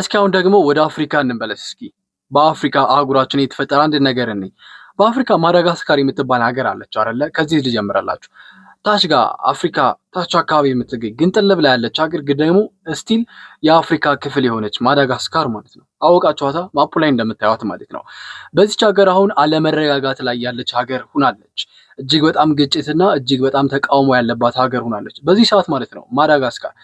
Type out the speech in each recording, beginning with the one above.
እስኪ አሁን ደግሞ ወደ አፍሪካ እንመለስ። እስኪ በአፍሪካ አህጉራችን የተፈጠረ አንድ ነገር እኔ በአፍሪካ ማዳጋስካር የምትባል ሀገር አለች አለ። ከዚህ ልጀምርላችሁ። ታች ጋር አፍሪካ ታች አካባቢ የምትገኝ ጥልብ ላይ ያለች ሀገር ግን ደግሞ ስቲል የአፍሪካ ክፍል የሆነች ማዳጋስካር ማለት ነው። አወቃችኋታ ማፑ ላይ እንደምታዩት ማለት ነው። በዚች ሀገር አሁን አለመረጋጋት ላይ ያለች ሀገር ሁናለች። እጅግ በጣም ግጭትና እጅግ በጣም ተቃውሞ ያለባት ሀገር ሁናለች በዚህ ሰዓት ማለት ነው ማዳጋስካር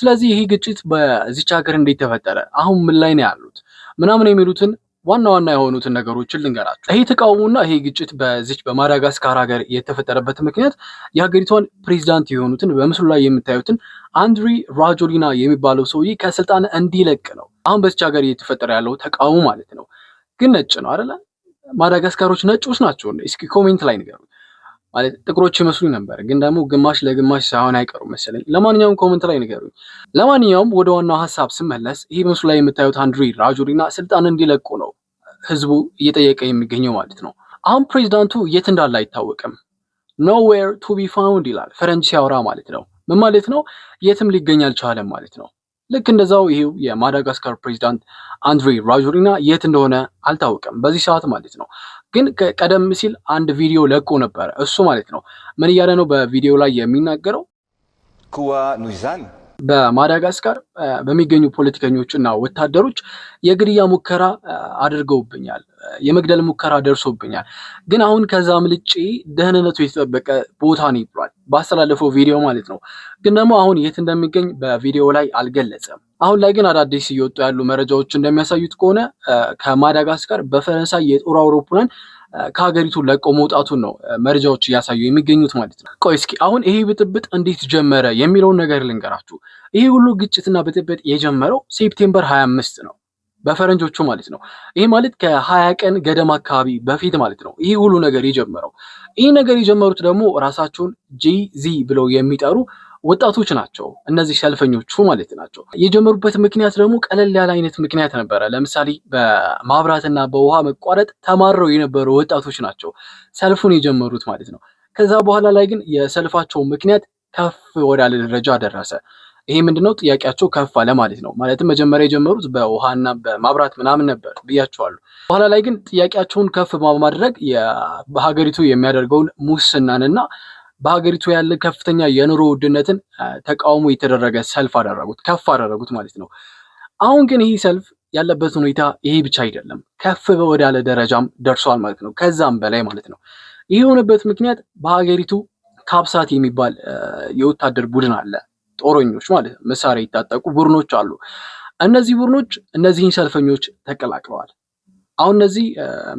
ስለዚህ ይሄ ግጭት በዚች ሀገር እንዴት ተፈጠረ፣ አሁን ምን ላይ ነው ያሉት ምናምን የሚሉትን ዋና ዋና የሆኑትን ነገሮችን ልንገራቸው። ይሄ ተቃውሞና ይሄ ግጭት በዚች በማዳጋስካር ሀገር የተፈጠረበት ምክንያት የሀገሪቷን ፕሬዚዳንት የሆኑትን በምስሉ ላይ የምታዩትን አንድሪ ራጆሊና የሚባለው ሰውዬ ከስልጣን እንዲለቅ ነው። አሁን በዚች ሀገር እየተፈጠረ ያለው ተቃውሞ ማለት ነው። ግን ነጭ ነው አይደለ? ማዳጋስካሮች ነጮች ናቸው? እስኪ ኮሜንት ላይ ንገሩት። ማለት ጥቁሮች ይመስሉ ነበር፣ ግን ደግሞ ግማሽ ለግማሽ ሳይሆን አይቀሩም መሰለኝ። ለማንኛውም ኮመንት ላይ ንገሩኝ። ለማንኛውም ወደ ዋናው ሀሳብ ስመለስ ይህ ምስሉ ላይ የምታዩት አንድሪ ራጁሪና ስልጣን እንዲለቁ ነው ህዝቡ እየጠየቀ የሚገኘው ማለት ነው። አሁን ፕሬዚዳንቱ የት እንዳለ አይታወቅም። ኖዌር ቱ ቢ ፋውንድ ይላል ፈረንጅ ሲያወራ ማለት ነው። ምን ማለት ነው? የትም ሊገኝ አልቻለም ማለት ነው። ልክ እንደዛው ይሄው የማዳጋስካር ፕሬዚዳንት አንድሬ ራጆሪና የት እንደሆነ አልታወቀም በዚህ ሰዓት ማለት ነው። ግን ቀደም ሲል አንድ ቪዲዮ ለቆ ነበረ። እሱ ማለት ነው ምን እያለ ነው በቪዲዮ ላይ የሚናገረው ኩዋ ኑዛን በማዳጋስካር በሚገኙ ፖለቲከኞች እና ወታደሮች የግድያ ሙከራ አድርገውብኛል፣ የመግደል ሙከራ ደርሶብኛል፣ ግን አሁን ከዛ ምልጭ ደህንነቱ የተጠበቀ ቦታ ነው ይብሏል፣ ባስተላለፈው ቪዲዮ ማለት ነው። ግን ደግሞ አሁን የት እንደሚገኝ በቪዲዮ ላይ አልገለጸም። አሁን ላይ ግን አዳዲስ እየወጡ ያሉ መረጃዎች እንደሚያሳዩት ከሆነ ከማዳጋስካር በፈረንሳይ የጦር አውሮፕላን ከሀገሪቱ ለቆ መውጣቱን ነው መረጃዎች እያሳዩ የሚገኙት ማለት ነው። ቆይ እስኪ አሁን ይሄ ብጥብጥ እንዴት ጀመረ የሚለውን ነገር ልንገራችሁ። ይሄ ሁሉ ግጭትና ብጥብጥ የጀመረው ሴፕቴምበር 25 ነው በፈረንጆቹ ማለት ነው። ይህ ማለት ከሀያ ቀን ገደማ አካባቢ በፊት ማለት ነው። ይህ ሁሉ ነገር የጀመረው ይህ ነገር የጀመሩት ደግሞ ራሳቸውን ዚ ብለው የሚጠሩ ወጣቶች ናቸው። እነዚህ ሰልፈኞቹ ማለት ናቸው። የጀመሩበት ምክንያት ደግሞ ቀለል ያለ አይነት ምክንያት ነበረ። ለምሳሌ በማብራትና በውሃ መቋረጥ ተማረው የነበሩ ወጣቶች ናቸው ሰልፉን የጀመሩት ማለት ነው። ከዛ በኋላ ላይ ግን የሰልፋቸው ምክንያት ከፍ ወዳለ ደረጃ ደረሰ። ይሄ ምንድነው? ጥያቄያቸው ከፍ አለ ማለት ነው። ማለትም መጀመሪያ የጀመሩት በውሃና በማብራት ምናምን ነበር ብያቸዋሉ። በኋላ ላይ ግን ጥያቄያቸውን ከፍ በማድረግ በሀገሪቱ የሚያደርገውን ሙስናንና በሀገሪቱ ያለ ከፍተኛ የኑሮ ውድነትን ተቃውሞ የተደረገ ሰልፍ አደረጉት፣ ከፍ አደረጉት ማለት ነው። አሁን ግን ይህ ሰልፍ ያለበት ሁኔታ ይሄ ብቻ አይደለም፣ ከፍ ወዳለ ደረጃም ደርሷል ማለት ነው፣ ከዛም በላይ ማለት ነው። ይህ የሆነበት ምክንያት በሀገሪቱ ካብሳት የሚባል የወታደር ቡድን አለ፣ ጦረኞች ማለት ነው፣ መሳሪያ የታጠቁ ቡድኖች አሉ። እነዚህ ቡድኖች እነዚህን ሰልፈኞች ተቀላቅለዋል። አሁን እነዚህ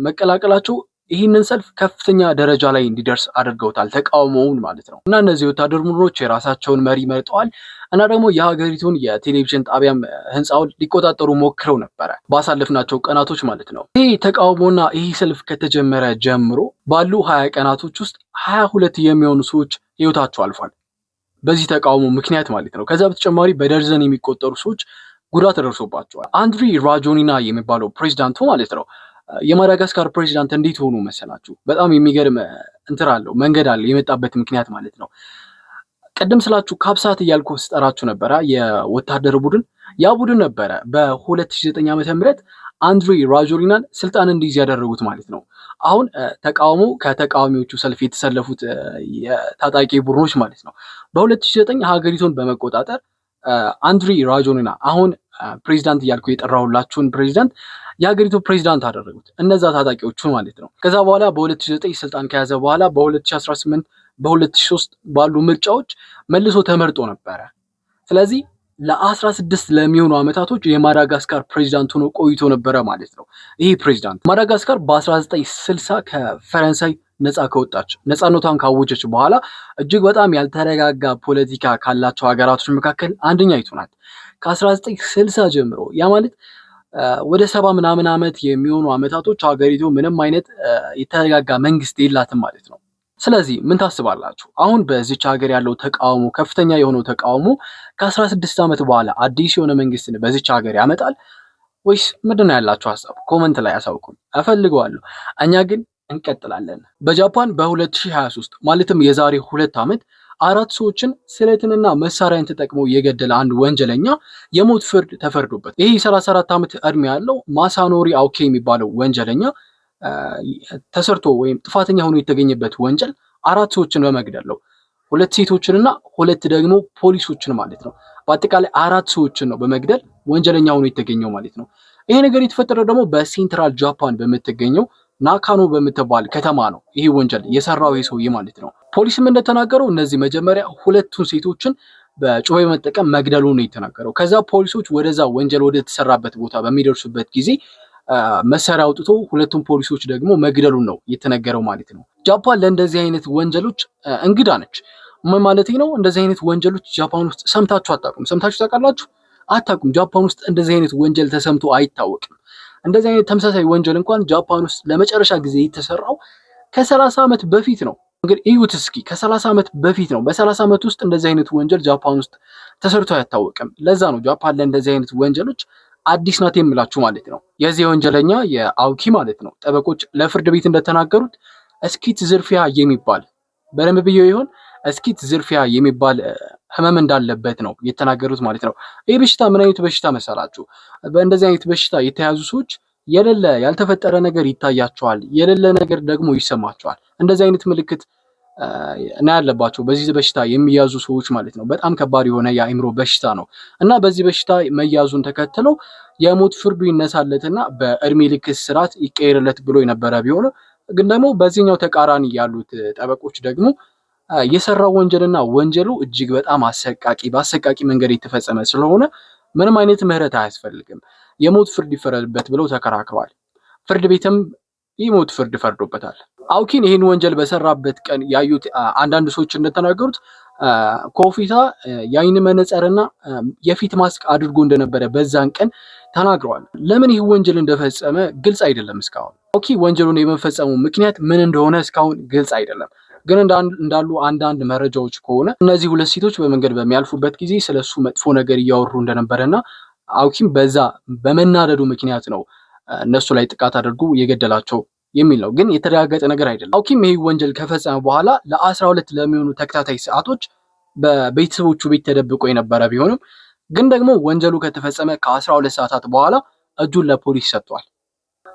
መቀላቀላቸው ይህንን ሰልፍ ከፍተኛ ደረጃ ላይ እንዲደርስ አድርገውታል። ተቃውሞውን ማለት ነው እና እነዚህ ወታደር ሙሮች የራሳቸውን መሪ መርጠዋል እና ደግሞ የሀገሪቱን የቴሌቪዥን ጣቢያም ህንፃውን ሊቆጣጠሩ ሞክረው ነበረ ባሳለፍናቸው ቀናቶች ማለት ነው። ይህ ተቃውሞና ይህ ሰልፍ ከተጀመረ ጀምሮ ባሉ ሀያ ቀናቶች ውስጥ ሀያ ሁለት የሚሆኑ ሰዎች ህይወታቸው አልፏል። በዚህ ተቃውሞ ምክንያት ማለት ነው። ከዛ በተጨማሪ በደርዘን የሚቆጠሩ ሰዎች ጉዳት ደርሶባቸዋል። አንድሪ ራጆኒና የሚባለው ፕሬዚዳንቱ ማለት ነው የማዳጋስካር ፕሬዚዳንት እንዴት ሆኑ መሰላችሁ? በጣም የሚገርም እንትን አለው መንገድ አለው የመጣበት ምክንያት ማለት ነው። ቅድም ስላችሁ ካብሳት እያልኩ ስጠራችሁ ነበረ የወታደር ቡድን ያ ቡድን ነበረ በ2009 ዓ ምህረት አንድሪ ራጆሪናን ስልጣን እንዲይዝ ያደረጉት ማለት ነው። አሁን ተቃውሞ ከተቃዋሚዎቹ ሰልፍ የተሰለፉት የታጣቂ ቡድኖች ማለት ነው በ2009 ሀገሪቱን በመቆጣጠር አንድሪ ራጆሊና አሁን ፕሬዚዳንት እያልኩ የጠራሁላችሁን ፕሬዚዳንት የሀገሪቱ ፕሬዚዳንት አደረጉት፣ እነዛ ታጣቂዎቹ ማለት ነው። ከዛ በኋላ በ2009 ስልጣን ከያዘ በኋላ በ2018 በ2003 ባሉ ምርጫዎች መልሶ ተመርጦ ነበረ። ስለዚህ ለ16 ለሚሆኑ ዓመታቶች የማዳጋስካር ፕሬዚዳንት ሆኖ ቆይቶ ነበረ ማለት ነው። ይህ ፕሬዚዳንት ማዳጋስካር በ1960 ከፈረንሳይ ነፃ ከወጣች ነፃነቷን ካወጀች በኋላ እጅግ በጣም ያልተረጋጋ ፖለቲካ ካላቸው ሀገራቶች መካከል አንደኛ ናት። ከ1960 ጀምሮ ያ ማለት ወደ ሰባ ምናምን ዓመት የሚሆኑ ዓመታቶች ሀገሪቱ ምንም አይነት የተረጋጋ መንግስት የላትም ማለት ነው። ስለዚህ ምን ታስባላችሁ? አሁን በዚች ሀገር ያለው ተቃውሞ ከፍተኛ የሆነው ተቃውሞ ከ16 ዓመት በኋላ አዲስ የሆነ መንግስትን በዚች ሀገር ያመጣል ወይስ ምንድን ነው ያላችሁ ሀሳብ? ኮመንት ላይ አሳውቁም እፈልገዋለሁ። እኛ ግን እንቀጥላለን። በጃፓን በ2023 ማለትም የዛሬ ሁለት ዓመት አራት ሰዎችን ስለትንና መሳሪያን ተጠቅሞ የገደለ አንድ ወንጀለኛ የሞት ፍርድ ተፈርዶበት ይህ የ34 ዓመት እድሜ ያለው ማሳኖሪ አውኬ የሚባለው ወንጀለኛ ተሰርቶ ወይም ጥፋተኛ ሆኖ የተገኘበት ወንጀል አራት ሰዎችን በመግደል ነው። ሁለት ሴቶችንና ሁለት ደግሞ ፖሊሶችን ማለት ነው። በአጠቃላይ አራት ሰዎችን ነው በመግደል ወንጀለኛ ሆኖ የተገኘው ማለት ነው። ይሄ ነገር የተፈጠረው ደግሞ በሴንትራል ጃፓን በምትገኘው ናካኖ በምትባል ከተማ ነው ይሄ ወንጀል የሰራው ይህ ሰውዬ ማለት ነው። ፖሊስም እንደተናገረው እነዚህ መጀመሪያ ሁለቱን ሴቶችን በጩቤ በመጠቀም መግደሉ ነው የተናገረው። ከዛ ፖሊሶች ወደዛ ወንጀል ወደ ተሰራበት ቦታ በሚደርሱበት ጊዜ መሳሪያ አውጥቶ ሁለቱም ፖሊሶች ደግሞ መግደሉን ነው የተነገረው ማለት ነው። ጃፓን ለእንደዚህ አይነት ወንጀሎች እንግዳ ነች። ምን ማለት ነው? እንደዚህ አይነት ወንጀሎች ጃፓን ውስጥ ሰምታችሁ አታውቁም። ሰምታችሁ ታውቃላችሁ? አታውቁም። ጃፓን ውስጥ እንደዚህ አይነት ወንጀል ተሰምቶ አይታወቅም። እንደዚህ አይነት ተመሳሳይ ወንጀል እንኳን ጃፓን ውስጥ ለመጨረሻ ጊዜ የተሰራው ከሰላሳ ዓመት በፊት ነው። እንግዲህ እዩት እስኪ ከሰላሳ ዓመት በፊት ነው። በሰላሳ ዓመት ውስጥ እንደዚህ አይነት ወንጀል ጃፓን ውስጥ ተሰርቶ አያታወቅም። ለዛ ነው ጃፓን ለእንደዚህ አይነት ወንጀሎች አዲስ ናት የምላችሁ ማለት ነው። የዚህ ወንጀለኛ የአውኪ ማለት ነው ጠበቆች ለፍርድ ቤት እንደተናገሩት እስኪት ዝርፊያ የሚባል በደንብ ብዬው ይሆን እስኪት ዝርፊያ የሚባል ህመም እንዳለበት ነው የተናገሩት ማለት ነው። ይህ በሽታ ምን አይነት በሽታ መሰላችሁ? በእንደዚህ አይነት በሽታ የተያዙ ሰዎች የሌለ ያልተፈጠረ ነገር ይታያቸዋል፣ የሌለ ነገር ደግሞ ይሰማቸዋል። እንደዚህ አይነት ምልክት እና ያለባቸው በዚህ በሽታ የሚያዙ ሰዎች ማለት ነው። በጣም ከባድ የሆነ የአእምሮ በሽታ ነው እና በዚህ በሽታ መያዙን ተከትሎ የሞት ፍርዱ ይነሳለትና በእድሜ ልክ እስራት ይቀየርለት ብሎ የነበረ ቢሆን ግን ደግሞ በዚህኛው ተቃራኒ ያሉት ጠበቆች ደግሞ የሰራው ወንጀልና ወንጀሉ እጅግ በጣም አሰቃቂ በአሰቃቂ መንገድ የተፈጸመ ስለሆነ ምንም አይነት ምህረት አያስፈልግም፣ የሞት ፍርድ ይፈረድበት ብለው ተከራክረዋል። ፍርድ ቤትም የሞት ፍርድ ፈርዶበታል። አውኪን ይህን ወንጀል በሰራበት ቀን ያዩት አንዳንድ ሰዎች እንደተናገሩት ኮፊታ የአይን መነጽርና የፊት ማስክ አድርጎ እንደነበረ በዛን ቀን ተናግረዋል። ለምን ይህ ወንጀል እንደፈጸመ ግልጽ አይደለም። እስካሁን አውኪ ወንጀሉን የመፈጸሙ ምክንያት ምን እንደሆነ እስካሁን ግልጽ አይደለም። ግን እንዳሉ አንዳንድ መረጃዎች ከሆነ እነዚህ ሁለት ሴቶች በመንገድ በሚያልፉበት ጊዜ ስለሱ መጥፎ ነገር እያወሩ እንደነበረና አውኪም በዛ በመናደዱ ምክንያት ነው እነሱ ላይ ጥቃት አድርጎ የገደላቸው የሚል ነው። ግን የተረጋገጠ ነገር አይደለም። አውኪም ይህ ወንጀል ከፈጸመ በኋላ ለአስራ ሁለት ለሚሆኑ ተከታታይ ሰዓቶች በቤተሰቦቹ ቤት ተደብቆ የነበረ ቢሆንም ግን ደግሞ ወንጀሉ ከተፈጸመ ከአስራ ሁለት ሰዓታት በኋላ እጁን ለፖሊስ ሰጥቷል።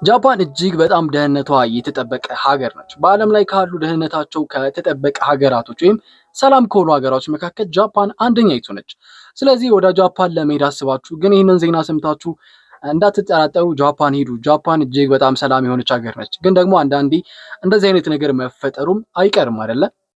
ጃፓን እጅግ በጣም ደህንነቷ የተጠበቀ ሀገር ነች። በዓለም ላይ ካሉ ደህንነታቸው ከተጠበቀ ሀገራቶች ወይም ሰላም ከሆኑ ሀገራቶች መካከል ጃፓን አንደኛይቱ ነች። ስለዚህ ወደ ጃፓን ለመሄድ አስባችሁ ግን ይህንን ዜና ሰምታችሁ እንዳትጠራጠሩ ጃፓን ሂዱ። ጃፓን እጅግ በጣም ሰላም የሆነች ሀገር ነች። ግን ደግሞ አንዳንዴ እንደዚህ አይነት ነገር መፈጠሩም አይቀርም አይደለ?